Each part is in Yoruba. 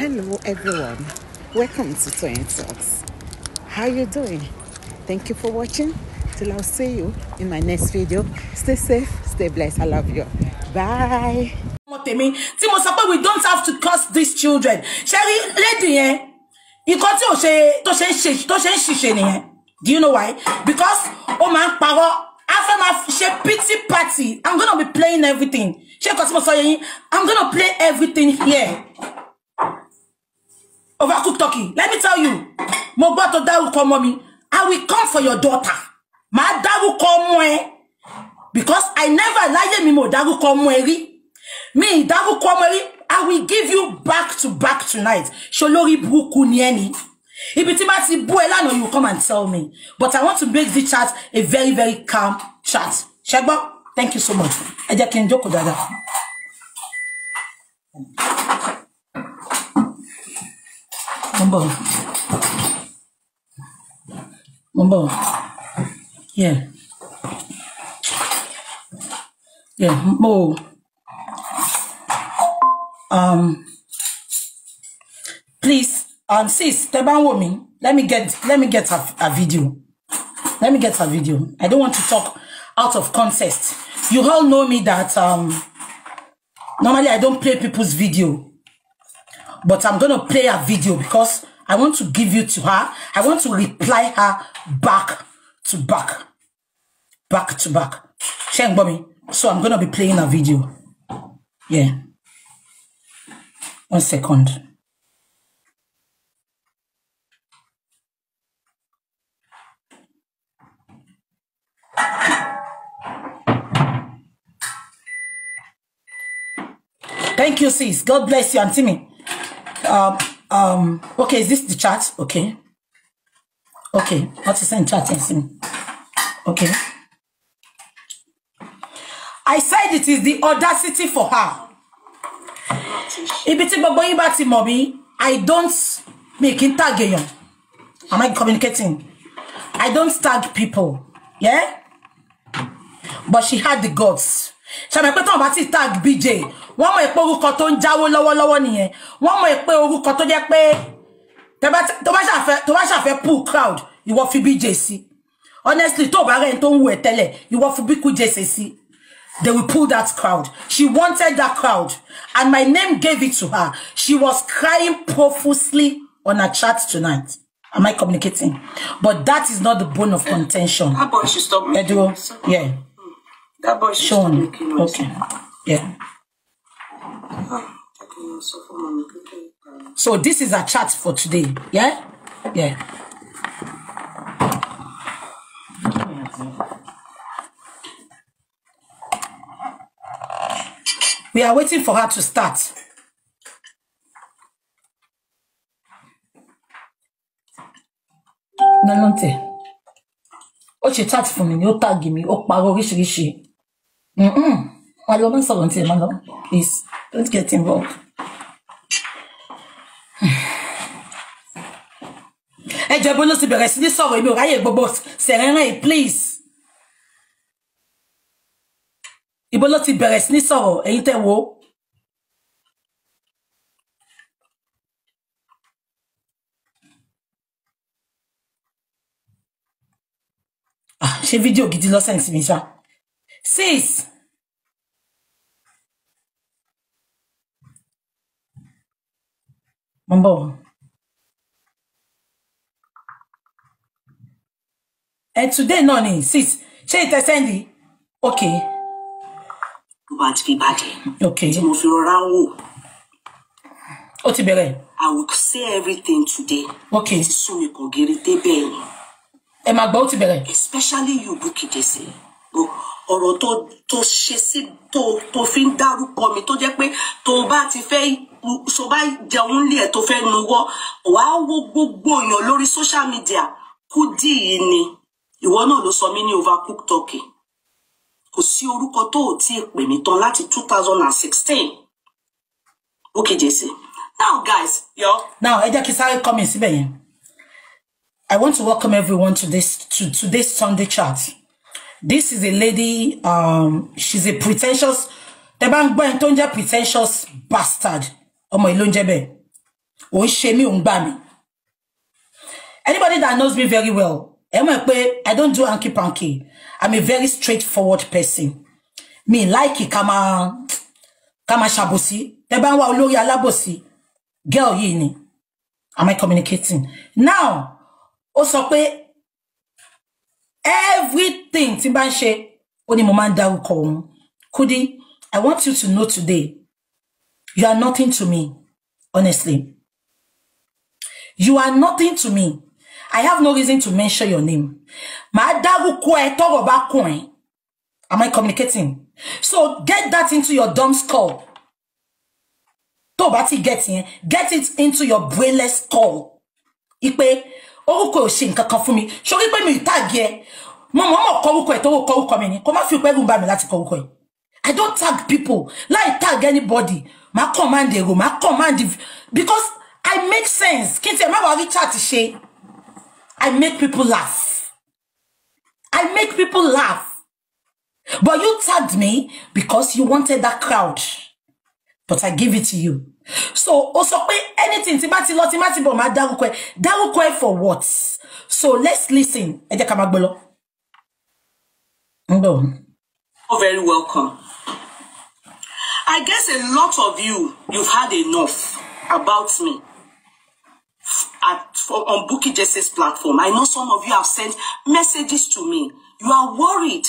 Hello everyone. Welcome to Toyeen Talks. How you doing? Thank you for watching. Till I'll see you in my next video. Stay safe, stay blessed. I love you. Bye. tèmi tí mo sọ pé we don't have to curse these children Sherry, rí lady yẹn nǹkan tí ò ṣe tó ṣe ń ṣe tó ṣe ń do you know why because ó máa ń After a fẹ́ pity party i'm gonna be playing everything ṣé nǹkan so mo i'm gonna play everything here overcooked turkey let me tell you mo gbọ́ tó dárúkọ ọmọ mi i will come for your daughter màá dárúkọ ọmọ ẹ because i never láyé me. mo dárúkọ ọmọ ẹ rí Me, ìdárúkọ ọmọ ẹ rí i will give you back to back tonight Sholori lórí burúkú ni ẹni ibi tí bá ti bú ẹ lánàá you come and tell me but i want to make this chat a very very calm chat ṣẹgbọ́ thank you so much ẹ jẹ́ kí n Thank you. ஒம்பது ஒம்பது Yeah, yeah. ஒம்பது um please um sis tẹ́ bá ń let me get let me get a a video let me get a video I don't want to talk out of context you all know me that um normally I don't play people's video but I'm going to play a video because I want to give you to her. I want to reply her back to back. Back to back. Ṣé Bobby. So I'm going to be playing a video. Yeah. One second. Thank you, sis. God bless you, and me. um, um, okay, is this the chat? Okay. Okay, what is in chat? Okay. I said it is the audacity for her. Ibi tí gbogbo yín bá ti mọ̀ I don't make it í tag èèyàn. Am I communicating? I don't tag people. Yeah? But she had the guts ṣàmì pé táwọn bá ti tag BJ wọ́n mọ̀ pé orúkọ tó ń jáwó lọ́wọ́lọ́wọ́ nìyẹn wọ́n mọ̀ pé orúkọ tó jẹ́ pé tó bá ṣàfẹ́ pull crowd ìwọ fi BJ sí honestly tó bá rẹ̀ tó ń wù ẹ́ tẹ́lẹ̀ ìwọ fi bíkú jẹ́sẹ̀ sí they will pull that crowd she wanted that crowd and my name gave it to her she was crying profusely on her chat tonight. Am I communicating? But that is not the bone of contention. How about she stop me? Edu, yeah. That boy should stop making Okay. Yeah. Ah, so this is our chat for today. Yeah? Yeah. We are waiting for her to start. Nalonte. Ó oh, ṣe chat fún mi ni ó tag mi ó parọ́ oríṣiríṣi. Mm-mm. Má lọ, má sọ̀rọ̀ tiẹ̀, Please, don't get involved. Ẹ jọ ibo ló ti bẹ̀rẹ̀ sí ní sọ̀rọ̀ èmi ò ráyè gbogbo please. Ibo ló ti bẹ̀rẹ̀ sí ní sọ̀rọ̀ ẹ̀yin tẹ́ wo. she video gidi lọ́sẹ̀ ní sinmi ṣá six mo ń bọ̀ today náà ni six ṣé ìtẹsẹ́ndì ok. bó bá ti fi bàjẹ́ tí mo fi rọra ń wò. ó I will say everything today. Okay. So sún can kàn gèrè débẹ̀ ni. ẹ especially you Bukky Jesse ọ̀rọ̀ tó ṣe sí tó fi ń dárúkọ mi tó jẹ́ pé tó bá ti fẹ́ so bá jẹun lé ẹ̀ tó fẹ́ nuwọ́ wàá wo gbogbo èèyàn lórí social media Kudi yìí ni ìwọ náà ló sọ mí ní overcooked turkey kò sí orúkọ tó ò tí ì pè mí tán láti two thousand and sixteen ó kéje sí now guys yo. now ẹ jẹ́ kí sáré kọ́ mi síbẹ̀ yẹn I want to welcome everyone to this to today's Sunday chat. this is a lady um she's a pretentious The bank boy gbọ́ ẹni pretentious bastard Oh my ló ń jẹ́ bẹ́ẹ̀ ò ń anybody that knows me very well i don't do hanky panky i'm a very straightforward person Me like it come on come ṣàbòsí tẹ the bank wá ya labosi girl yini ni am i communicating now also everything tí bá ń ṣe mo máa ń dárúkọ òun Kudi I want you to know today you are nothing to me honestly you are nothing to me I have no reason to mention your name màá dárúkọ ẹ tọ́rọ̀ bá kùn ẹ am I communicating so get that into your dumb skull tó o bá ti get yẹn get it into your brainless skull ipe orúkọ ò ṣe nǹkan kan fún mi sórí pé mi tag ẹ mo mọ̀ mọ̀ kọ́wúkọ ẹ̀ tó wọ́ kọ́wúkọ mi ni kó má fi pẹ́rù bá mi láti kọ́wúkọ yìí i don't tag people láì tag anybody máa command èrò máa command because i make sense kí n tiẹ̀ má wá rí chat ṣe i make people laugh i make people laugh but you tagged me because you wanted that crowd but i give it to you so ó sọ pé anything tí bá ti lọ tí má ti bọ̀ máa dárúkọ ẹ dárúkọ ẹ for what so let's listen ẹ jẹ́ ká máa gbọ́ lọ. No. Oh, very welcome. I guess a lot of you, you've had enough about me at, for, on Buki Jesse's platform. I know some of you have sent messages to me. You are worried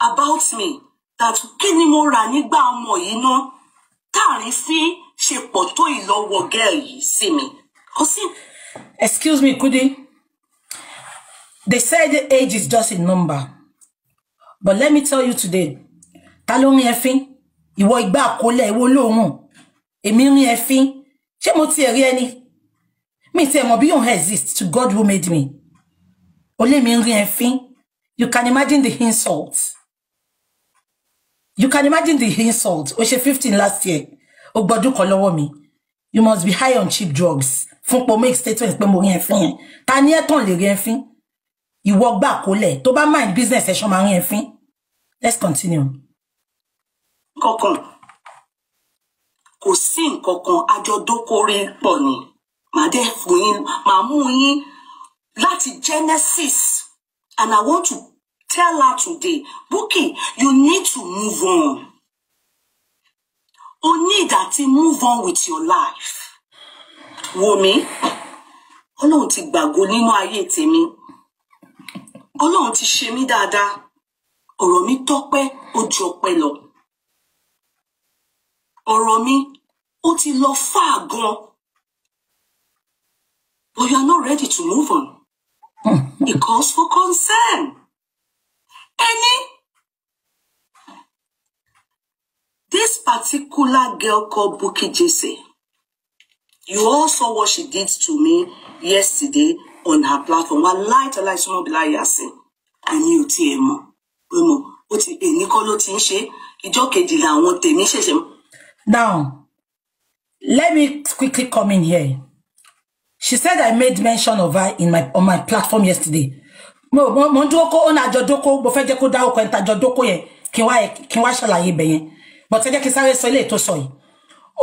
about me. That kí ni mo rà nígbà ọmọ yìí ná? Táàrin fín excuse me Kudi they said age is just a number but let me tell you today ta ẹfin ìwọ ìgbà àkọlẹ̀ ìwọ lóòrùn èmi rin ẹfin ṣé mo tiẹ̀ rí ẹni mi tiẹ̀ mọ̀ bí yóò exist to God who made me olè mi ẹfin you can imagine the insult you can imagine the insult ó ṣe fifteen last year. ó gbọ́dún kan lọ́wọ́ mi you must be high on cheap drugs fún pé make statement pé mo rí ẹfin yẹn ta ni ẹ tàn lè rí ẹfin ìwọ gbà kólẹ̀ tó bá mind business ẹ̀ ṣan máa rí ẹfin let's continue. kankan kò sí nǹkan kan àjọdókòrè pọ̀ ni màdé fún yín màá mú yín láti Genesis and I want to tell her today Bukky you need to move on o need àti move on with your life wò mí ọlọ́run ti gbàgbọ́ nínú ayé tèmi ọlọ́run ti ṣe mí dáadáa ọ̀rọ̀ mi tọ́pẹ́ ó ju ọpẹ́ lọ ọ̀rọ̀ mi ó ti lọ fáà gan but you are not ready to move on hmm. it calls for concern ẹni This particular girl called Buki Jesse, you all saw what she did to me yesterday on her platform. Wà light, tọ́lá ìsúná bí láyé àsè. Èmi ò tiẹ̀ mọ̀. Pé mo, ó ti èmi kọ́ ló ti ń ṣe. Ìjọ́ kejì làwọn tèmi Now, let me quickly come in here. She said I made mention of her in my on my platform yesterday. Mo mo dúró kó ọ̀nà àjọ dóko mo fẹ́ jẹ́ kó dá ọkọ̀ ẹ̀ńtà àjọ dóko yẹn kí n wá ṣàlàyé ibẹ̀ but ẹ jẹ́ kí sáré sọ ilé ètò sọ yìí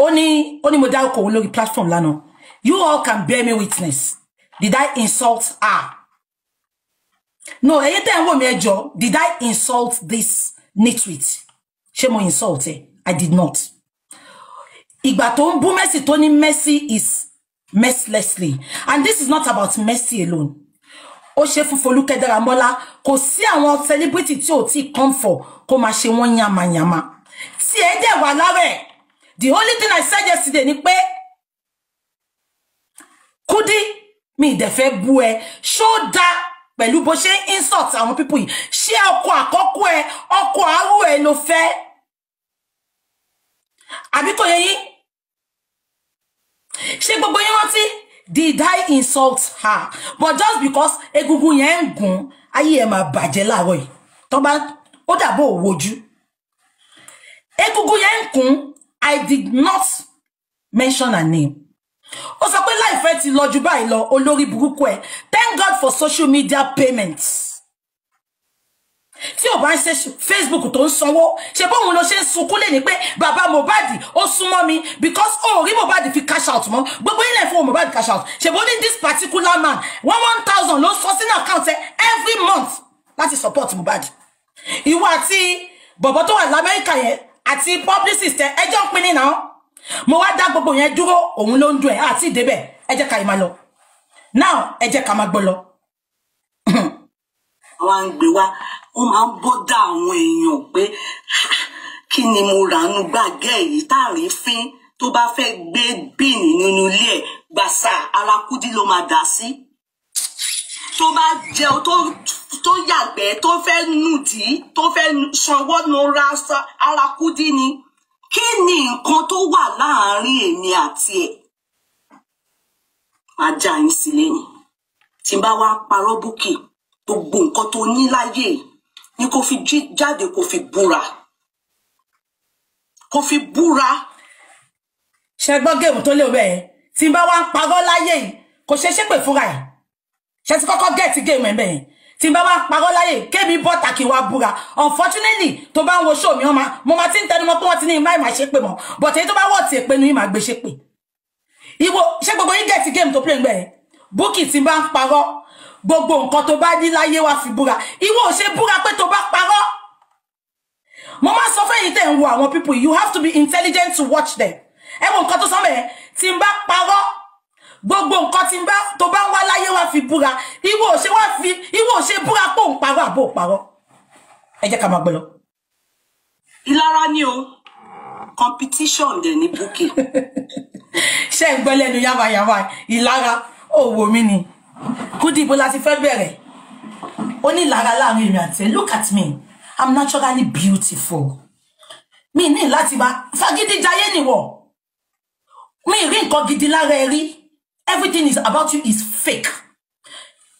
ó ní ó ní mo dárúkọ òun lórí platform lánàá you all can bear me witness did I insult her no ẹ̀yin tẹ́ ẹ̀ ń wò mí ẹ did I insult this nitwit ṣé mo insult ẹ I did not ìgbà tó ń bú Mercy tó ní Mercy is mercilessly and this is not about Mercy alone ó ṣe fún Folúkẹ́ Dáramọ́lá kò sí àwọn celebrity tí ò tí come for kó máa ṣe wọ́n yàmàyàmà tí ẹ dẹ̀ wà lára the only thing I said yesterday ni pé Kudi mi dẹ̀ fẹ́ bú ẹ ṣó dáa bó ṣe insult àwọn people yìí ṣé ọkọ àkọ́kọ́ ẹ ọkọ àárò ẹ ló fẹ́ àbí kò yẹ yín ṣé gbogbo yín rántí did I insult her but just because egungun yẹn ń gùn ayé ẹ máa bàjẹ́ láàárọ̀ yìí tó bá ó dàbò òwojú egungun yẹn i did not mention her name O sọ pé láìfẹ́ ti lọ jù báyìí lọ olórí burúkú ẹ̀ thank god for social media payments tí ò bá ń ṣe facebook tó ń sanwó ṣe bóun ló ṣe ń sunkún lè ní pé bàbá mohbad ó súnmọ́ mi because ó rí mohbad fi cash out mọ́ gbogbo ilẹ̀ fún mohbad cash out ṣe bó ní this particular man one one thousand ló ń sọ sínú account ẹ every month láti support mohbad ìwọ àti bọ̀bọ̀ tó wà lamẹ́ríkà yẹn àti publicist ẹ jọ ń pín mo wá dá gbogbo yẹn dúró òun ló ń dùn ẹ àti ìdébẹ̀ ẹ jẹ́ ká lọ now ẹ jẹ́ ká máa gbọ́ lọ. àwọn àgbè wa wọn máa ń bọ́dà àwọn èèyàn pé kí ni mo rà nù gbàgẹ́ yìí tá a rí fín tó bá fẹ́ gbé bíìnì nínú ilé ẹ̀ gbàsà ara ló máa dà sí. Si tó bá jẹun tó tó yàgbẹ́ tó fẹ́ nùdí tó fẹ́ sanwó nora ara kúdí ni kí ni nǹkan tó wà láàárín èmi àti ẹ̀ máa já yín sí lẹ́yìn tí n bá wá parọ́ búkì gbogbo nǹkan tó ní láyé ni kò fi jáde kò fi búra kò fi búra. ṣe gbọ́ géèmù tó léwu bẹ́ẹ̀ tí n bá wá parọ́ láyé yìí kò ṣeé ṣépè fúnra ẹ̀ ṣe ti kọ́kọ́ get géèmù ẹ̀mẹ́ yẹn tí bá wá parọ́ láyè kémi bọ́ta kí wá búra unfortunately tó bá ń wo show mi ọmọ mo máa ti ń tẹnu mọ́ pé wọ́n ti ní ìmá ìmá ṣe but èyí tó bá wọ̀ tí èpè nu ìmá gbé ṣe pé ìwọ ṣé gbogbo yín gẹ̀ẹ́tì géèmù tó play ń gbẹ̀ yẹn búkì tí bá ń parọ́ gbogbo nǹkan tó bá ní láyé wá fi búra ìwọ ò ṣe búra pé tó bá parọ́ mo máa sọ fẹ́yìn tẹ̀ ń wo àwọn people you have to be intelligent to watch them ẹ wo nǹkan to sọ mẹ́ẹ̀ tí bá parọ́ gbogbo nǹkan tí bá tó bá wá láyé wá fi búra ìwọ ò ṣe wá fi ìwọ ò búra pò ń parọ́ àbò parọ́ ẹ jẹ́ ká máa gbé lọ. ìlara ni o competition dẹ̀ ní búkì. ṣé ń gbọ́ lẹ́nu yáwáyáwá ìlara òwò mi ni kúdí ibo la fẹ́ bẹ̀rẹ̀ ó ní ìlara láàrin èmi àti look at me i'm naturally beautiful mi ní láti bá fagídí jayé nìwọ mi rí nǹkan gidi lára ẹ rí everything is about you is fake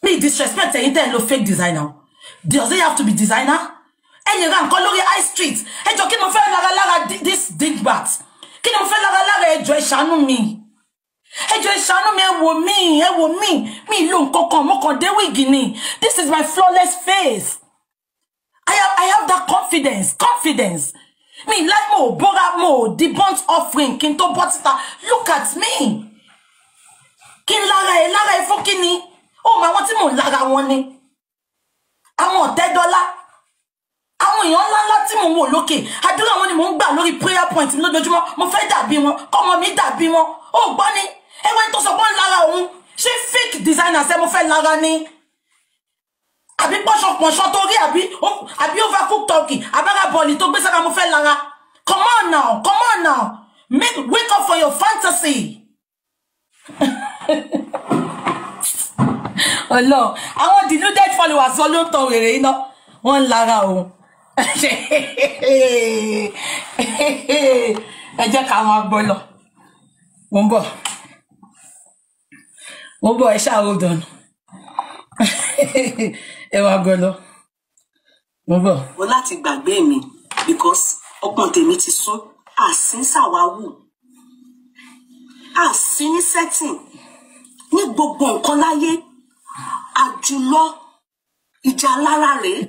Me disrespect ẹ̀yin tẹ́ ń fake designer does it have to be designer ẹ̀yin ra nǹkan lórí high street ẹjọ́ kí ni mo fẹ́ lára lára this digbat kí ni mo fẹ́ lára lára ẹjọ́ ẹ ṣàánú mi ẹjọ́ ẹ ṣàánú mi me. wò Me. Me. Look, come mi lo nǹkan kan mo kàn this is my flawless face i have i have that confidence confidence mi láì mo bọ́ra mo debunt offering kí n look at me kí n lára ẹ lára ẹ fún kíni ó mọ àwọn tí mò ń lára wọn ni àwọn ọ̀tẹ́dọ́lá àwọn èèyàn ńláńlá tí mò ń wò lókè àdúrà wọn ni mò ń gbà lórí prayer point lójoojúmọ́ mo fẹ́ dàbí wọn kọ́mọ mi dàbí wọn ó gbọ́ ni ẹwẹ́ tó sọ pé ń lára òun ṣé fake designer ṣe mo fẹ́ lára ni àbí pọ́ṣọpọ̀ṣọ tó rí àbí cook turkey abára bọ̀ọ̀lì tó gbé sára mo fẹ́ lára come on now come on now make wake up for your fantasy. ọlọ́run àwọn deluded followers wọn ló ń tọ wèrè iná wọn ń lára òun ẹ jẹ́ ká wọn gbọ́ lọ mo ń bọ̀ mo ń bọ̀ ẹ ṣáà ó dànù ẹ wá gbọ́ lọ mo ń bọ̀. mo láti gbàgbé mi because ọkàn tèmi ti sún àsínsàwáwù àsínísẹ́tìn ní gbogbo nǹkan láyé àjùlọ ìjà alára rèé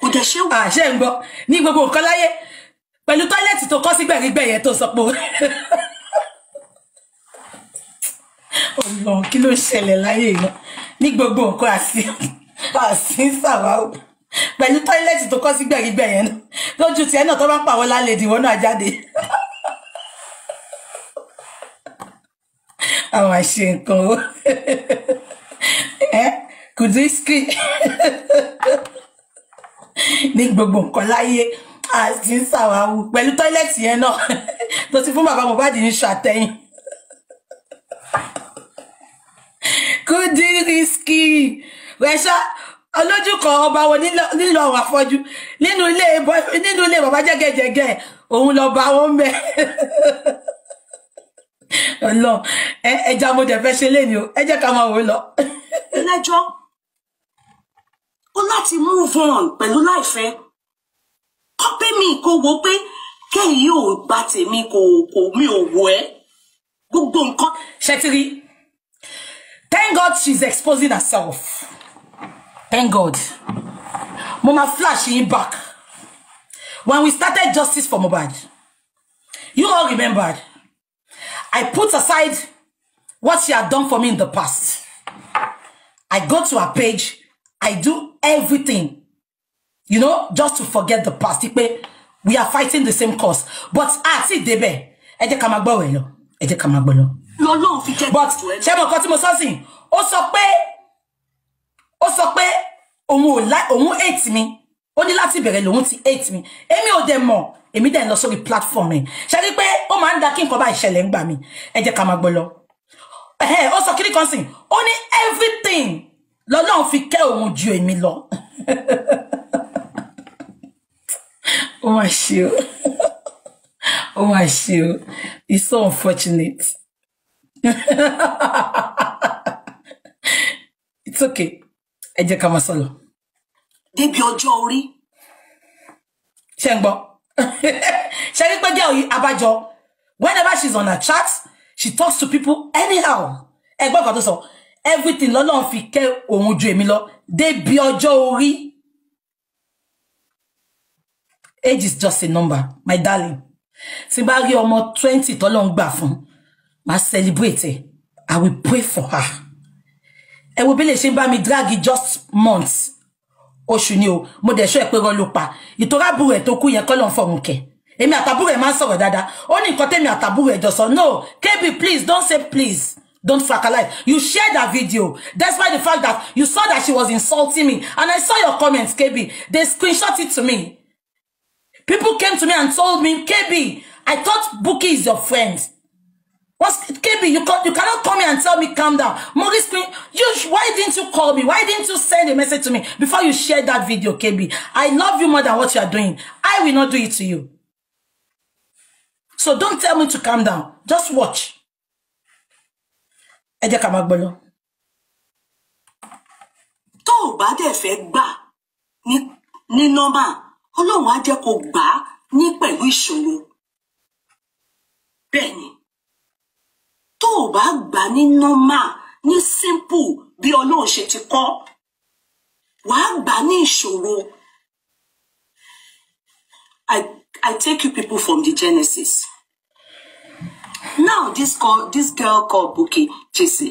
kò dẹ̀ ṣe wà. àṣẹ ah, ń gbọ́ ní gbogbo nǹkan láyé pẹ̀lú tọ́lẹ̀tì tó kọ́ sí gbẹ̀rígbẹ̀ yẹn tó sọ pé ọlọ́run kí ló ṣẹlẹ̀ láyé iná ní gbogbo nǹkan àsín ṣàwáwò pẹ̀lú tọ́lẹ̀tì tó kọ́ sí gbẹ̀rígbẹ̀ yẹn lójú tiẹ̀ náà tó bá pàwọ́ lálẹ́ ìdìwọ́ náà àwọn àṣe nǹkan o Kudisky ní gbogbo nǹkan láyé àti ṣàwáwù pẹ̀lú tọ́ílẹ̀tì yẹn náà tó ti fún bàbá Mohbad ní ṣàtẹ̀yìn Kudisky wẹ̀ṣọ́ olójú kan ọba wọn nílò àwọn afọ́jú nínú ilé bàbá jẹ́gẹ́jẹ́gẹ́ òun lọ́ba wọn bẹ́ẹ̀. Ọlọ́run ẹja mo dẹ̀ fẹ́ ṣe léni o ẹ jẹ́ ká máa wò lọ. ilé-ẹjọ́ ó láti move on pẹ̀lú láìfẹ́ kọ́pẹ́ mi kò wo pé kẹ́yìn yóò bá tèmi kò kò mi ò wọ ẹ́ gbogbo nǹkan. ṣètìrí thank God she's exposing herself thank God mo máa flash yín back when we started justice for Mohbad you all remembered. I put aside what she had done for me in the past. I go to her page. I do everything, you know, just to forget the past. We are fighting the same cause. But àti débẹ̀, ẹ jẹ́ ká máa gbọ́ wẹ̀ lọ. Ẹ jẹ́ ká máa gbọ́ lọ. Lọ́lọ́run fi jẹ́ But ṣé mo kọ́ tí mo sọ sí? Ó sọ pé ó sọ pé òun ò láì òun hate mi. Ó ní láti bẹ̀rẹ̀ lòun ti hate mi. Èmi ò dẹ̀ mọ̀ èmi dẹ̀ ń lọ sórí platform ẹ̀ ṣe rí pé ó máa ń da kí nǹkan bá ìṣẹ̀lẹ̀ ń gbà mí ẹ jẹ́ ká máa gbọ́ lọ. ó sọ kan sìn ó ní everything lọ́lọ́run fi kẹ́ òun ju èmi lọ. ó mà ṣe o ó mà ṣe o it's so unfortunate. it's okay ẹ jẹ́ ká máa sọ lọ. níbi ọjọ́ orí. ṣé ń gbọ́. Sherry girl, Abajo, whenever she's on her chat, she talks to people anyhow. Ẹgbọ́n kan tó everything lọ́lọ́run fi kẹ́ òun ju èmi lọ, débi ọjọ́ orí. Age is just a number, my darling. Tí bá rí ọmọ twenty tọ́lọ́run gbà fún, màá celebrate I will pray for her. Ẹ wo bí lè ṣe ń mi drag just months oṣù ni o mo dẹ̀ sọ ẹ̀ pé rán pa ìtura àbúrò ẹ̀ tó kú yẹn kọ́ ló ń fọ̀rùn kẹ̀ èmi àtàbúrò ẹ̀ máa ń sọ̀rọ̀ dáadáa ó ní nǹkan tẹ́mi àtàbúrò ẹ̀ jọ̀sọ̀ no kb please don't say please don't fracalize you share that video despite the fact that you saw that she was insulting me and I saw your comments kb they screenshot it to me people came to me and told me kb I thought Bukky is your friend What's KB? You can, you cannot come here and tell me calm down. Maurice Queen, you why didn't you call me? Why didn't you send a message to me before you shared that video, KB? I love you more than what you are doing. I will not do it to you. So don't tell me to calm down. Just watch. Ẹ jẹ́ ká máa gbọ́ lọ. Tó ni bá dẹ̀ fẹ́ gbà ko nọ́mbà, ni á jẹ́ kó gbà tó o bá gbà ní normal ní simple bí ọlọ́run ṣe ti kọ́ wàá gbà ní ìṣòro I I take you people from the Genesis now this call this girl called Buki Jesse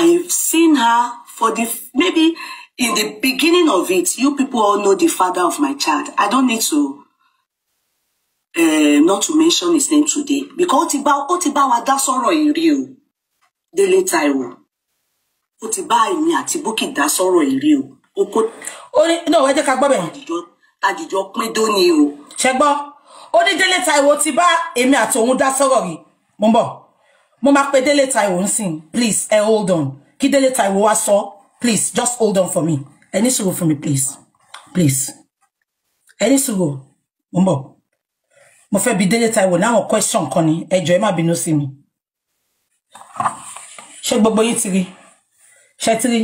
I've seen her for the maybe in the beginning of it you people all know the father of my child I don't need to. Eh, not to mention his name today because ó ti bá ó ti bá wa dá sọ̀rọ̀ yìí rí o Délé Táíwò ó ti bá èmi àti Bukky dá sọ̀rọ̀ yìí rí o ó kó. ó ní náà wọ́n jẹ́ ká gbọ́ bẹ̀rẹ̀. àjùjọ pín dó ni o. ṣe gbọ́ ó ní Délé Táíwò ti bá èmi àti òun dá sọ̀rọ̀ yìí mo ń bọ̀ mo máa pe Délé Táíwò ń sìn please ẹ eh, hold on kí Délé Táíwò wá sọ please just hold on for me ẹ ní sùúrù fún mi please please ẹ ní sùúrù mo ń bọ̀ mo fẹ́ bi délé taiwo láwọn question kan ni ẹ ẹ má bínú sí mi ṣé gbogbo yín ti rí ṣe ti rí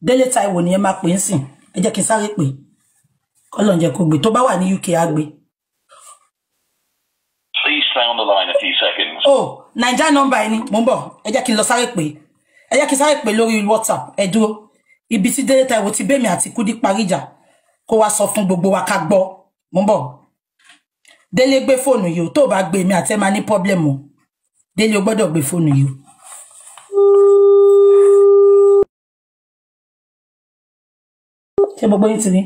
délé taiwo ni ẹ máa pè ń sìn ẹ jẹ́ kí n sáré pè kọ́lọ̀ ń jẹ́ kó gbé tó bá wà ní uk á gbé. please stay on the line a few seconds. oh naija number ẹni mo ń bọ̀ ẹ jẹ́ kí n lọ sáré pè ẹ jẹ́ kí n sáré pè lórí whatsapp ẹ dúró ibi tí délé taiwo ti bẹ́mi àti kudi parí ìjà kó wá sọ fún gbogbo wa ká gbọ́ mo ń bọ̀ délé gbé fóònù yìí o tó o bá gbé mi àti ẹ máa ní pọ́blẹ́mù o délé o gbọ́dọ̀ gbé fóònù yìí o. ṣé gbogbo yín ti ní.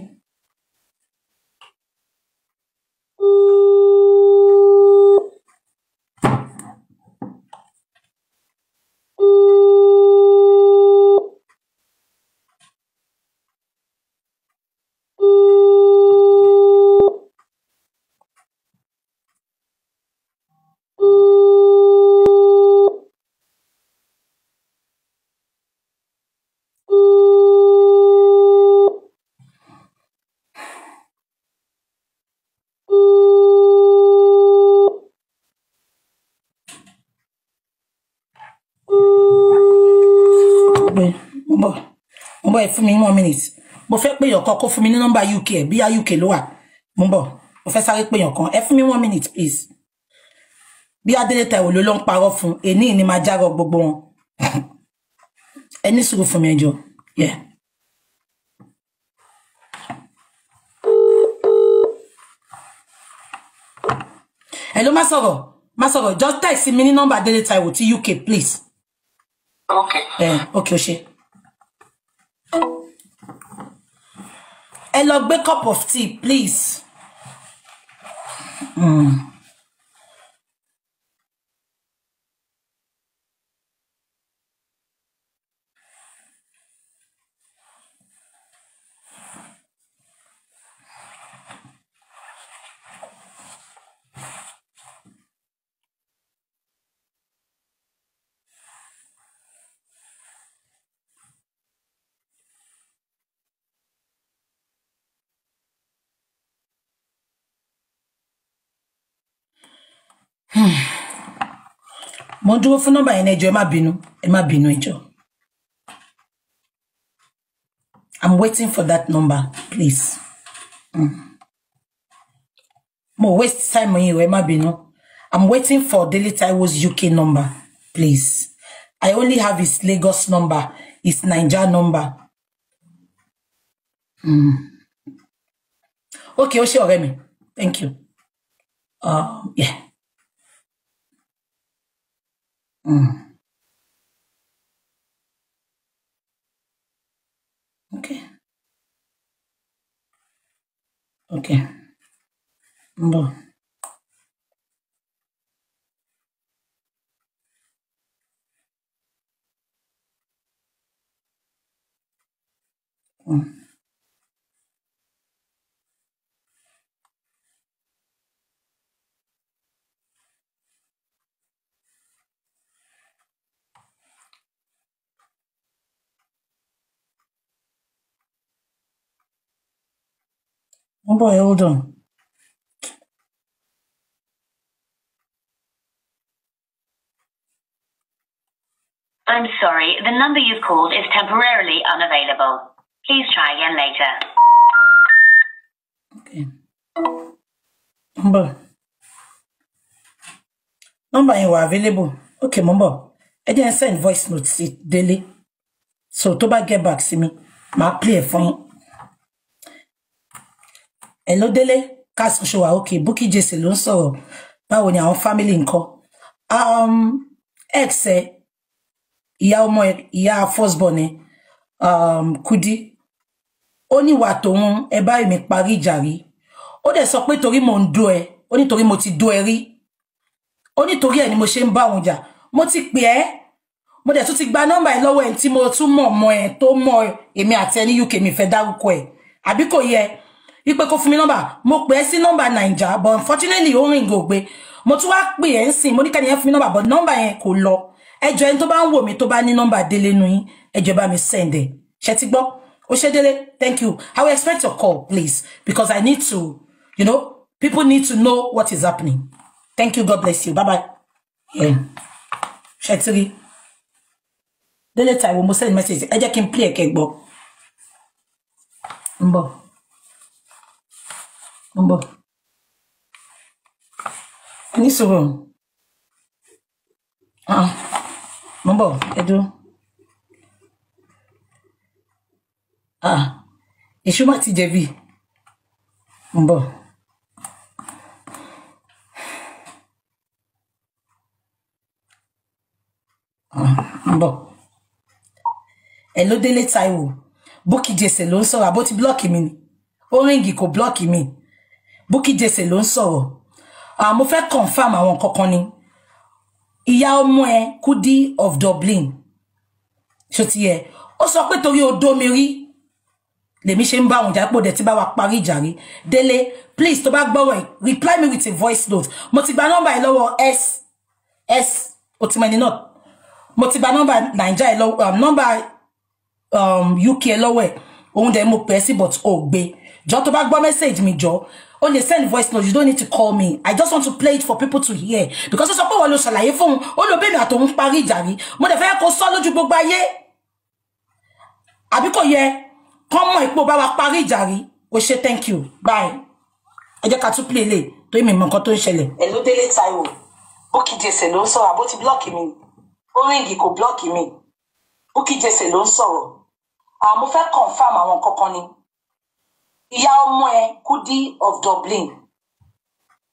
nọ́mbà ẹ̀ fún mi one minute mo fẹ́ pé èèyàn kan kó fún mi ní nọ́mbà uk ẹ̀ bíyà uk ló wà mo ń bọ̀ mo fẹ́ sáré pé èèyàn kan ẹ fún mi one minute please bí adélé taiwo ló ló ń parọ́ fún èní ni máa járọ gbogbo wọn ẹ ní sùúrù fún mi ẹjọ yẹ. ẹ ló má sọ̀rọ̀ má sọ̀rọ̀ just text mi ní nọ́mbà adélé taiwo ti uk please. ok. ẹ eh, ok o ṣe. ẹ lọ gbé cup of tea please. Mm. Hmm. ń dúró fún nọ́mbà yẹn ẹjọ ẹ má bínú ẹ má bínú ẹjọ i'm waiting for that number please mm. mo waste time yìí ẹ má bínú i'm waiting for Dele Taiwo's uk number please i only have his lagos number his naija number. Mm. okay ó ṣe thank you um, yeah. Hum. Okay. Okay. Bom. Hum. Oh boy, hold on. I'm sorry, the number you've called is temporarily unavailable. Please try again later. Okay. Number. Number you are available. Okay, number. I bọ̀. Ẹ send voice note sí Délé. So tó get back sí me. My play ẹ̀ fún ẹ ló délé káàsì ṣe wà òkè Bukky Jesse ló ń sọ̀rọ̀ báwo ni àwọn fámìlì nǹkan um, ex ẹ ìyá ọmọ ìyá firstborn ni um, Kudi ó níwà tòun ẹ bá èmi parí ìjà rí ó dẹ̀ sọ pé torí mo ń dó ẹ ó nítorí mo ti dó ẹ rí ó nítorí ẹ ni mo ṣe ń bá òun jà mo ti pè ẹ́ mo dẹ̀ tún ti gba nọ́mbà ẹ lọ́wọ́ ẹ tí mo tún mọ̀ mọ́ ẹ tó mọ̀ èmi àti ẹ ní UK mi fẹ́ dárúkọ ẹ àbí kò yẹ wípé kó fún mi nọ́mbà mo pè é sí nọ́mbà naija but unfortunately ó rìn gògbé mo tún wá pè é ń sìn mo ní kẹ́ni yẹn fún mi nọ́mbà but nọ́mbà yẹn kò lọ ẹjọ́ ẹni tó bá ń wò mí tó bá ní nọ́mbà délé nu yín ẹjọ́ bá mi send ẹ̀ ṣe ti gbọ́ ó ṣe délé thank you i will expect your call please because i need to you know people need to know what is happening thank you god bless you bye bye ṣe ti rí délé taiwo mo send message ẹ jẹ́ kí n play ẹ̀kẹ́ gbọ́ ń bọ̀ ń bọ̀ ní sùúrù ah, mo ń bọ̀ ẹ dúró ah, èṣù ti jẹ̀bi ń bọ̀. ń ah, bọ̀ ẹ ló délé Táíwò Bukky Jesse ló ń sọ̀rọ̀ àbó ti blọọkì mi ni ó ríǹgì kò blọọkì mi. Bukky Jesse ló ń sọ̀rọ̀ mo fẹ́ confirm àwọn kankan ni ìyá ọmọ ẹ Kudi of Dublin ṣó ti yẹ ó sọ pé torí odó mi rí lèmi ṣe ń bá àwọn ìjà pò dẹ̀ tí bá wa parí ìjà rí délé please tó bá gbọ́rọ̀ ẹ̀ reply me with a voice note mo ti gba nọ́mbà ẹ lọ́wọ́ s s o ti mọ ẹni náà mo ti gba nọ́mbà naija ẹ lọ́wọ́ um, nọ́mbà uk um, ẹ lọ́wọ́ ẹ̀ òun dẹ̀ mo pẹ́ sí but ò gbé jọ tó bá gbọ́ message mi jọ ó lè send voice note you don't need to call me i just want to play it for people to hear because ó sọ pé wọ́n lo ṣàlàyé fún ó lo bẹ́ẹ̀ mi àtòun you ìjà rí mo dẹ̀ fẹ́ kó sọ lójú gbogbo ayé àbí kò yẹ kán mọ̀ ipò bá wa thank you bye I just got to play lè tó ìmọ̀ nǹkan tó ń ṣẹlẹ̀. ẹ ló délé Táíwò Bukky Jesse ló so sọ̀rọ̀ àbó ti blọọkì me. Only he could block me. Bukky Jesse ló ń sọ̀rọ̀ àmọ́ ah, fẹ́ confam àwọn kankan ni ìyá ọmọ ẹ Kudi of Dublin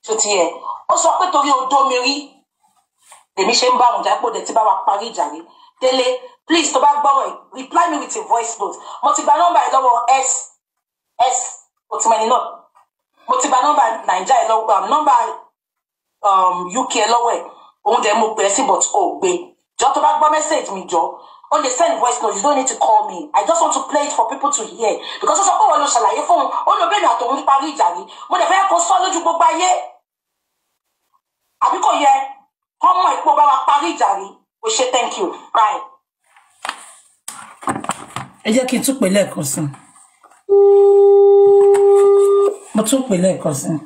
tó ti yẹ ó sọ pé torí odó mi rí èmi ṣe ń bá àwọn ìjàpọ̀ dẹ̀ tí bá wa parí ìjà rí délé please tó bá gbọ́rọ̀ ẹ̀ reply me with a voice note mo ti gba nọ́mbà ẹ lọ́wọ́ s s mo ti mọ ẹni náà mo ti gba nọ́mbà nàìjíríà ẹ lọ́wọ́ um, nọ́mbà uk um, ẹ lọ́wọ́ ẹ òun dẹ̀ mo pè sí but ò gbé jọ tó bá gbọ́ mẹ́sẹ̀gì mi jọ o lè send voice note you don't need to call me i just want to play it for people to hear because ó sọ pé wọn lọ ṣàlàyé fún un ó lọ bẹ́ẹ̀ ni àtòun parí ìjà rí mo dẹ̀ fẹ́ kó sọ lójú gbogbo ayé àbí kò yẹ kọ́ mọ ìpò bá wa parí ìjà rí o ṣe thank you bye. ẹ jẹ́ kí n tún pè lẹ́ẹ̀kan sí i mo tún pè lẹ́ẹ̀kan sí i.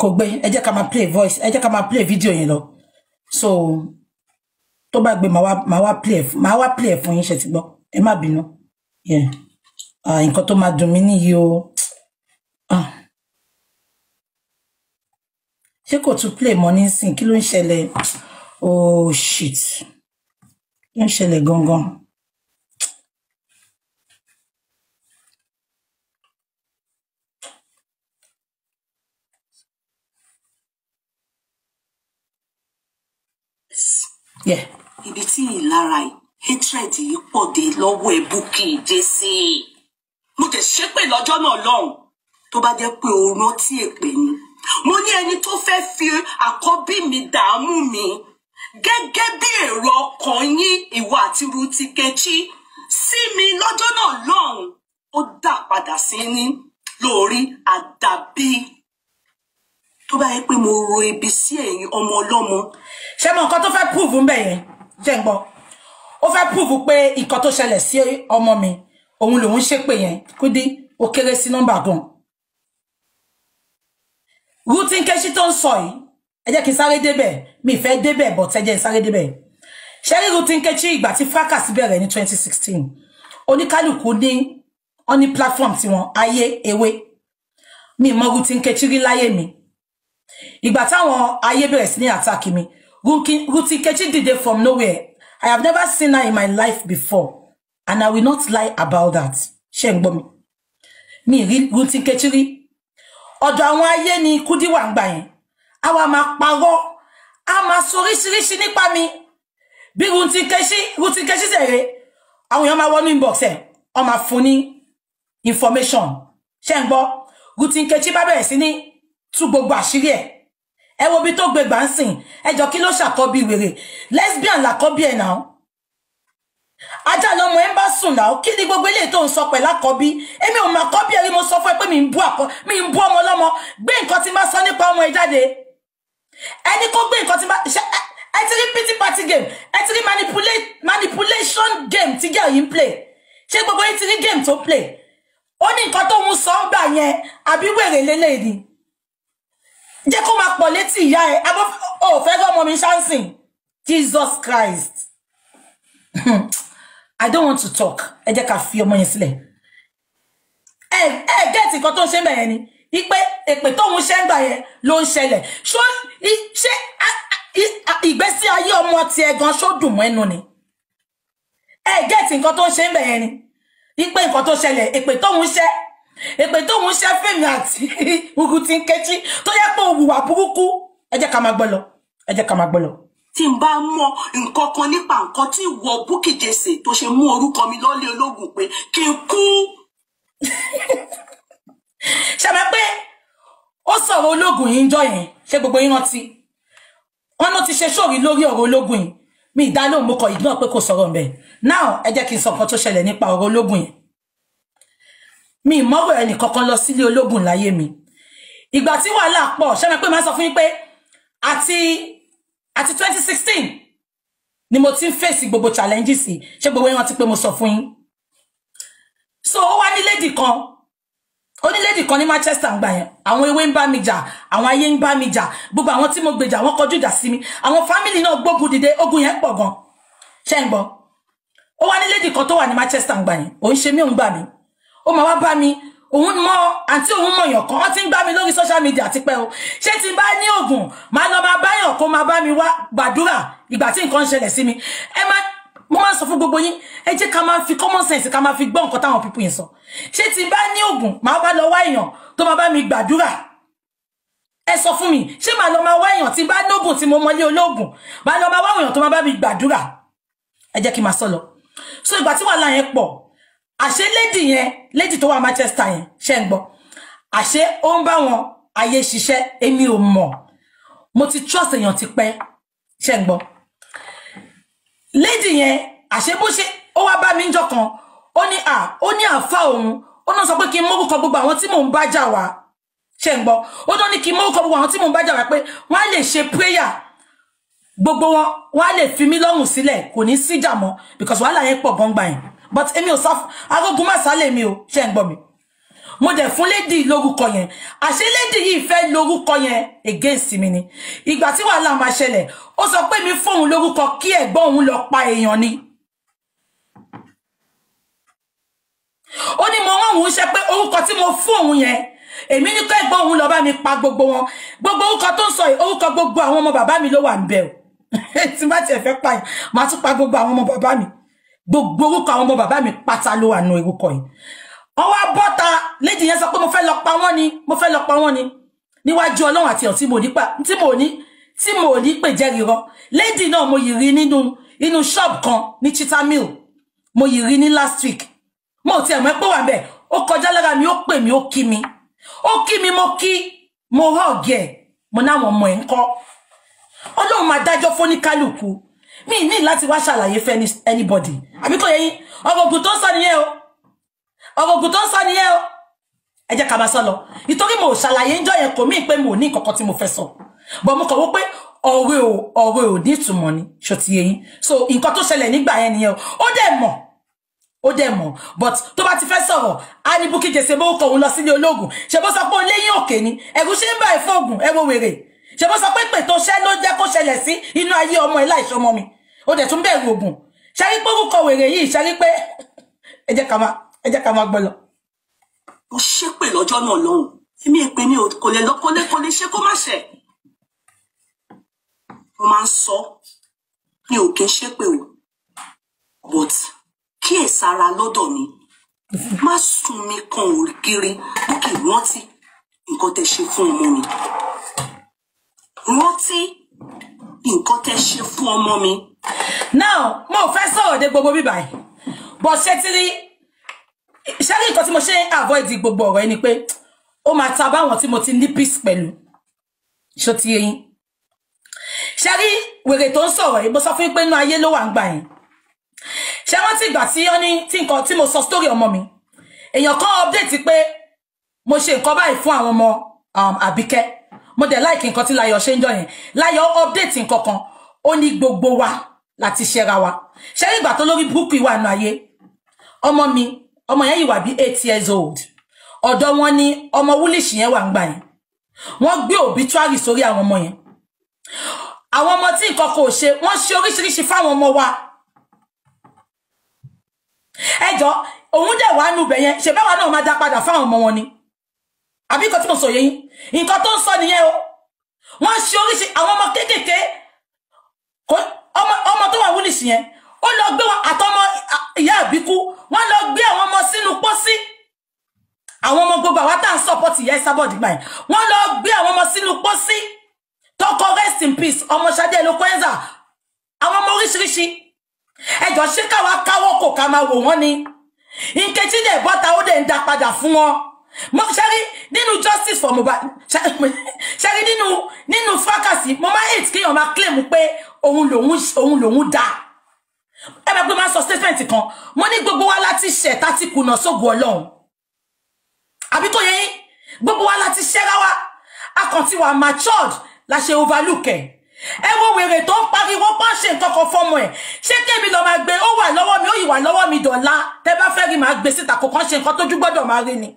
kò gbé ẹ jẹ́ ká play voice ẹ jẹ́ ká máa play video yẹn lọ so tó bá gbé màá wá play màá wá play fún yín ṣe ti gbọ́ ẹ má Yeah. Ah, tó máa dùn mí nìyí o ṣé kò tún play mọ́ nísìn kí ló ń ṣẹlẹ̀ oh shit kí ló ń ṣẹlẹ̀ gangan. ibi tí ìlara hatred yìí pọ̀ dé lọ́wọ́ ẹ̀ Bukky Jesse mo tẹ̀ ṣépè lọ́jọ́ náà lọ́hùn tó bá jẹ́ pé o rántí èpè ni mo ní ẹni tó fẹ́ fi àkọ́bí mi dààmú mi gẹ́gẹ́ bí èrò ọkàn yín ìwà àti rutikechi sí mi lọ́jọ́ náà lọ́hùn ó dà padà sí ní lórí àdàbí tó bá yẹ pé mo ro ebi sí ẹ̀yin ọmọ ọlọ́mọ. ṣé mo nǹkan tó fẹ́ púùfù ń bẹ̀ yẹn jẹ́ ń gbọ́ ó fẹ́ púùfù pé nǹkan tó ṣẹlẹ̀ sí ọmọ mi òun lòun ṣépè yẹn Kudi ó kéré sí nọ́mbà gan. Ruth Nkechi tó ń sọ yìí ẹ jẹ́ kí n sáré débẹ̀ mi ì fẹ́ débẹ̀ bọ̀ tẹ́jẹ́ ń sáré débẹ̀ ṣẹ́rí Ruth Nkechi ìgbà tí fracas bẹ̀rẹ̀ ní 2016 oníkálukú ní wọ́n ní platform tiwọn ayé ewé mi mọ Ruth Nkechi rí láyé mi ìgbà táwọn ayé bẹ̀rẹ̀ sí ní attack mi Ruti Kechi dìde from nowhere I have never seen her in my life before and I will not lie about that ṣe ń mi mi rí Ruti Kechi rí ọ̀dọ̀ àwọn ayé ni Kudi wà ń gbà yẹn a wà máa parọ́ a máa sọ oríṣiríṣi mi bí Ruti Kechi Ruti Kechi sẹ̀rẹ̀ àwọn èèyàn máa wọnú inbox ẹ̀ ọ máa fún information ṣe ń gbọ́ Ruti Kechi bá bẹ̀rẹ̀ sí tú gbogbo àṣírí ẹ̀ ẹ wo bí tó gbé gbà ń sìn ẹjọ kí ló ṣàkọ́bí wèrè lesbian làkọ́bí ẹ̀ náà ajá lọmọ ẹ ń bá sùn náà kí ni gbogbo eléyìí tó ń sọ pẹ̀lú àkọ́bí èmi ò mà kọ́bí ẹ rí mo sọ fún ẹ pé mi ń bú mi ń bú ọmọ ọlọ́mọ gbé nǹkan tí n bá sọ nípa ọmọ ẹ jáde ẹni kó gbé nǹkan tí n ṣe ẹ ti rí pity party game ẹ ti rí manipulation game ti gẹ̀ yìí ń play ṣé gbogbo yìí ti rí game tó play ó ní nǹkan tó ń sọ ń gbà yẹn àbí wèrè lélẹ́yìn ni jẹ́ kó máa pọ̀ létí ìyá ẹ̀ ò fẹ́ kọ́ ọmọ mi ṣánsìn Jesus Christ I don't want to talk E jẹ́ ká fi ọmọ yẹn sílẹ̀ ẹ ẹ gẹ́ẹ̀tì kan tó ń ṣe bẹ̀yẹn ni ipe èpè tóun ṣe ń gbà yẹn ló ń ṣẹlẹ̀ ṣó ṣe ìgbésí ayé ọmọ tiẹ̀ gan ṣó dùn mọ́ ẹnu ni ẹ gẹ́ẹ̀tì nǹkan tó ń ṣe ń bẹ̀yẹn ni ipe to tó ṣẹlẹ̀ èpè tóun ṣe èpè tóun ṣe fèmí àti ugu ti ń kẹ́chí tó yẹ pé òwúwà burúkú ẹ jẹ́ ká máa gbọ́ lọ ẹ jẹ́ ká máa gbọ́ lọ. tí n bá mọ nǹkan kan nípa nǹkan tí ìwọ Bukky Jesse tó ṣe mú orúkọ mi lọ́lé ológun pé kí n kú. ṣàmì pé ó sọ̀rọ̀ ológun yìí ń jọ yẹn ṣé gbogbo yín rántí wọn ló ti ṣe sóòrí lórí ọ̀rọ̀ ológun yìí mi ìdálóhùn mo kọ ìdúnà pé kò sọ̀rọ̀ mbẹ̀ náà ẹ kí n sọ nǹkan tó ṣẹlẹ̀ nípa ọ̀rọ̀ ológun yẹn mi mọ́rọ̀ ẹnì kankan lọ sílé ológun láyé mi ìgbà tí wàhálà pọ̀ ṣẹ́mi pé máa sọ fún yín pé àti àti twenty sixteen ni mo ti ń fèsì gbogbo challenges yìí gbogbo yín wọn ti pé mo sọ fún yín so ó wá ní lady kan ó lady kan ní Manchester ń gbà yẹn àwọn ewé ń bá mi jà àwọn ayé ń bá mi jà gbogbo àwọn tí mo gbèjà wọ́n kọjú ìjà sí mi àwọn fámìlì náà gbógun dìde ogun yẹn pọ̀ gan ṣe ń gbọ́ ó wá ní lady kan tó wà ní Manchester ń gbà yẹn òun ṣe mí òun gbà mí ó máa wá bá mi òun mọ àti òun mọ̀yàn kan ó ti ń mi lórí social media tipẹ́ o ṣé tí n bá ní oògùn máa lọ máa báyàn kó máa bá mi wá gbàdúrà ìgbà tí nǹkan ń ṣẹlẹ̀ sí mi ẹ má mo máa sọ fún gbogbo yín ẹ jẹ́ ká máa fi common sense ká máa fi gbọ́ nǹkan táwọn pípọ̀ yẹn sọ ṣé tí n bá ní oògùn máa bá lọ wá to tó máa bá mi gbàdúrà ẹ sọ fún mi ṣé màá lọ máa wá èèyàn tí n bá lóògùn tí mo mọlé olóògùn màá lọ máa wá èèyàn tó máa bá mi gbàdúrà ẹ jẹ́ kí n máa sọ lọ so ìgbà tí wàhálà yẹn pọ̀ àṣé lady yẹn lady tó wà Manchester yẹn ṣe ń gbọ́ àṣé ó ń bá wọn ayé ṣiṣẹ́ èmi ò mọ̀ mo ti trust èèyàn ti pẹ́ ṣe ń gbọ́ lady yẹn àṣé bó ṣe ó wá bá mi ń jọ kan ó ní à ó ní àfa òun ó náà sọ pé kí n mọ́kù kan gbogbo àwọn tí mò ń bá jà wá ṣe ń gbọ́ ó náà ní kí n mọ́kù kan gbogbo àwọn tí mò ń bá jà wá pé wọ́n á lè ṣe prayer gbogbo wọn wọ́n á lè fi mí lọ́rùn sílẹ̀ kò ní síjà mọ́ because wàhálà yẹn pọ̀ gbọ́ngbà yẹn but Emi ò sá agogun mẹ́sàn-án lèmi o ṣe ń gbọ́ mi mo dẹ̀ fún lady lórúkọ yẹn àṣé lady yìí fẹ́ lórúkọ yẹn against mi ni ìgbà tí wàhálà máa ṣẹlẹ̀ ó sọ pé mi fóun lórúkọ kí ẹ̀gbọ́n òun lọ pa èèyàn ni ó mo rán òun ṣe pé orúkọ tí mo fún òun yẹn èmi ní kó ẹ̀gbọ́n òun lọ bá mi pa gbogbo wọn gbogbo orúkọ tó ń sọ yìí orúkọ gbogbo àwọn ọmọ bàbá mi ló wà ń bẹ o tí bá tiẹ̀ fẹ́ pààyàn màá tún pa gbogbo àwọn ọmọ bàbá mi gbogbo orúkọ àwọn ọmọ bàbá mi pátá ló wà nù orúkọ yìí ọwọ́ bọ́ta léjì yẹn sọ pé mo fẹ́ lọ pa wọ́n ni mo fẹ́ lọ pa wọ́n ni níwájú ọlọ́run àti ọ̀tí mo ní pa tí mo ní tí mo ní pè jẹ́ rírọ́ léjì náà mo yìí rí nínú inú ṣọ́ọ̀bù kan ní chita mill mo yìí rí ní last week mo ò tiẹ̀ mọ̀ pé wà bẹ́ẹ̀ ó kọjá lára mi ó pè mí ó kí mi ó kí mi mo kí mo hug ẹ̀ mo náwọn ọmọ ẹ̀ ń kọ́ ọlọ́run máa dájọ́ fóníkálùkù mi ní láti wá ṣàlàyé fẹ́ anybody àbí kò yẹ yín ọgbọ̀gùn tó ń sọ nìyẹn o ọgbọ̀gùn tó ń sọ nìyẹn o ẹ jẹ́ ká bá sọ lọ nítorí mo ṣàlàyé ń jọ yẹn kò mí pé mo ní kankan tí mo fẹ́ sọ bọ́ mo kàn wó pé ọ̀rẹ́ ò ọ̀rẹ́ ò ní ìtumọ̀ ni ṣòtí yẹn so nǹkan tó ṣẹlẹ̀ nígbà yẹn nìyẹn o ó dẹ̀ mọ̀ ó dẹ̀ mọ̀ but tó bá ti fẹ́ sọ̀rọ̀ á ní Bukky Jesse bó kọ̀ òun lọ sílé ológun ṣe bó sọ pé oléyìn òkè ni ẹ̀gúsí ń bá ẹ̀fọ́ ògùn ẹ̀wọ̀ wèrè ṣe bó sọ pé pètò ṣẹ́ ló jẹ́ kó ṣẹlẹ̀ sí inú ayé ọmọ ẹ̀ láìṣọmọ mi ó dẹ̀ tún bẹ̀rù ògùn ṣẹ́rí pé kókọ wèrè yìí ṣẹ́rí pé ẹ jẹ́ ká máa ẹ jẹ́ ká máa gbọ́ lọ. mo ṣépè lọ́jọ́ náà lọ́hùn èmi èpè mi ò kò lè lọ kó lè kó lè ṣe kó má ṣe mo máa ń sọ mi ò kí ń ṣépè o but kíyèsára lọ́dọ̀ mi má sùn mi kan ògiri bó kì í rántí nǹkan tẹ́ ṣe fún ọmọ mi rántí nǹkan tẹ́ ṣe fún ọmọ mi now mo fẹ́ sọ̀rọ̀ dé gbogbo bíbá yìí bọ̀ ṣe ti rí ṣe rí nǹkan tí mo ṣe avoid gbogbo ọ̀rọ̀ yìí ni pé ó máa ta báwọn tí mo ti ní peace pẹ̀lú ṣó ti yẹ yín ṣe rí wèrè tó ń sọ̀rọ̀ yìí mo sọ fún yín pé inú ayé ló wà ń gbà yín ti ìgbà tí ó ní tí mo sọ story ọmọ mi èèyàn kan update pé mo ṣe nǹkan báyìí fún àwọn um abike. mo dẹ̀ like nǹkan tí Láyọ̀ ṣe ń yin, yẹn Láyọ̀ update nǹkan kan ó ní gbogbo wa láti ṣẹ́ra wa ṣé ìgbà tó lórí burúkú ìwà àná ayé ọmọ mi omo yẹn iwa bi bí eight years old Odo wọn ni ọmọ wúlíṣì yẹn wà ń gbà yẹn wọ́n gbé òbítúárì sórí àwọn ọmọ yẹn àwọn ọmọ tí nǹkan kò ṣe wọ́n ṣe oríṣiríṣi fáwọn ọmọ wa ẹjọ́ òun dẹ̀ wá nù bẹ̀yẹn ṣe báwa náà da dá padà fáwọn ọmọ wọn ni àbí nǹkan tí mo sọ yẹn nǹkan tó ń sọ nìyẹn o wọ́n ṣe oríṣi àwọn ọmọ kéékèèké ọmọ ọmọ tó wà wúlìṣì yẹn ó lọ gbé wọn àtọmọ ìyá àbíkú wọn lọ gbé àwọn ọmọ sínú pósí àwọn ọmọ gbogbo àwa tá à ń sọpọ́tì ìyá Esabod gbà yẹn wọn lọ gbé àwọn ọmọ sínú pósí tọkọ rest in peace ọmọ Ṣadé Eloquenza àwọn ọmọ oríṣiríṣi ẹjọ ṣé káwa káwọ kò ká máa wò wọn ni Nkechi dẹ bọta ó dẹ ń dá padà fún wọn mo ṣẹ́rí nínú justice for Mohbad ṣẹ́rí nínú nínú fracasi mo máa hate kéèyàn máa claim pé òun lòun òun lòun dá ẹ bẹ pé máa sọ statement kan mo ní gbogbo wa láti ṣẹ̀ tàti kùnà sógun ọlọ́run àbí tó yẹ yín gbogbo wa láti ṣẹ́ra wa a kàn ti wà matured la ṣe overlook ẹ̀ ẹ wo wèrè tó ń pariwo bá ṣe nǹkan kan fọmọ ẹ ṣé kébì lọ máa gbé ó wà lọ́wọ́ mi ó yìí wà lọ́wọ́ mi dọ̀la tẹ bá fẹ́ rí máa gbé síta kò kàn ṣe nǹkan tójú gbọ́dọ̀ máa rí ni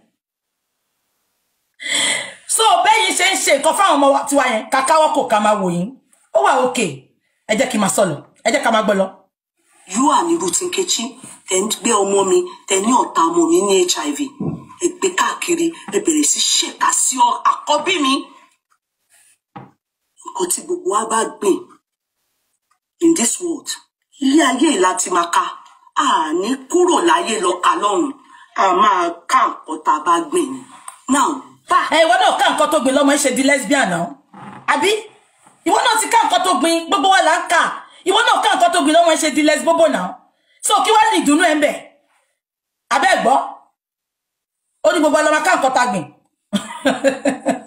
so be ṣe ń ṣe nǹkan fáwọn ọmọ tiwa yẹn kàkáwọ́ kò ká máa wò yín ó wà òkè ẹ jẹ́ kí n máa sọ lọ ẹ jẹ́ ká máa gbọ́ lọ. you are ní rutin kechi then be gbé ọmọ mi tẹ ní ọ̀tá ọmọ mi ní hiv ẹ gbé káàkiri ẹ bẹ̀rẹ̀ sí ṣèkà sí ọ àkọ́bí mi nǹkan tí gbogbo wa bá gbìn in this world ilé ayé ìlàtí máa ka àní kúrò láyé lọ kà lọ́run a máa ká nǹkan tá a bá now ẹ ìwọ náà ká nǹkan tó gbin lọ́mọ ṣe di lesbian náà àbí ìwọ náà ti ká nǹkan tó gbin gbogbo wa là ń kà ìwọ náà ká nǹkan tó gbin lọ́mọ ṣe di lesbobo náà so kí wàá ní ìdùnnú ẹ ń bẹ abẹ́ gbọ́ ó ní gbogbo ọlọ́mọ ká nǹkan ta gbìn